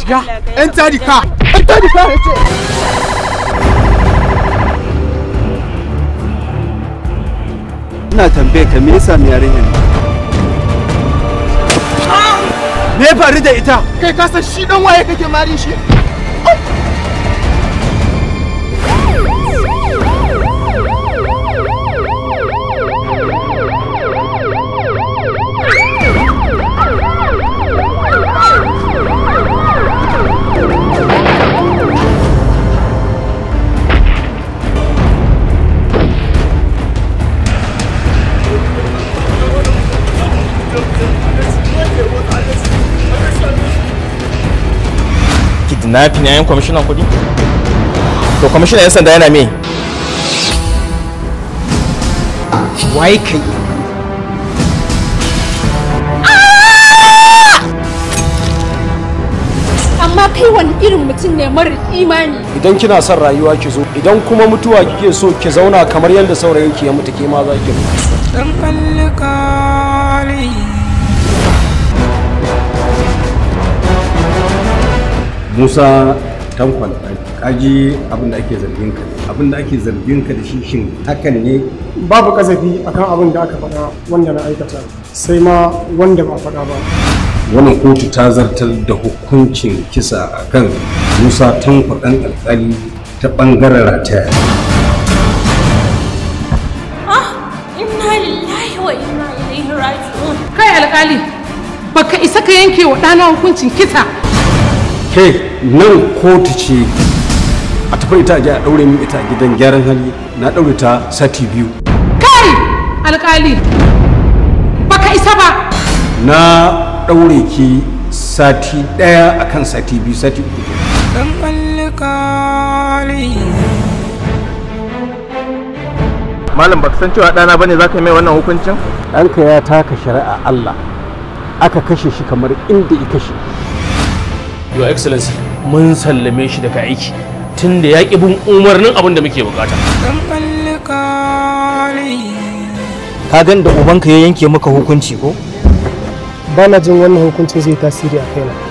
shiga yan tarika yan tarika ya ce ina tambaye ka me yasa mai ne ah! me faru da ita kai ka san shi dan waye kake mari shi kidnapping yayin kwamishinan kudi to kwamishinan yan sanda yana me wai kai ah! amma kai wani irin mutum ne mara imani idan kina son rayuwa ki zo idan kuma mutuwa kike so ki zauna kamar yadda saurayin ki ya mutu ke ma za ki mutu musa tankwal kaji abin da ake zargin ka abin da ake zargin ka da shi shin hakan ne babu kasafi akan abin da aka faɗa wanda na aikata sai ma wanda ba faɗa ba wannan kotu ta zartar da hukuncin kisa akan musa tankwal ɗan alƙali ta ɓangaren rataya ah, kai alƙali baka isa ka yanke wa ɗana hukuncin kisa ke nan kotu ce a tafi ita a daure min ita a gidan gyaran hali na daure ta sati biyu kai alkali baka isa ba na daure ki sati daya akan sati biyu sati uku dan alkali malam baka san cewa ɗana bane zaka mai wannan hukuncin ɗanka ya taka shari'a Allah aka kashe shi kamar inda ya kashe your excellency mun sallame shi daga aiki tun da ya bin umarnin abin da muke bukata ka gan da ubanka ya yanke maka hukunci ko ba jin wannan hukuncin zai tasiri a kaina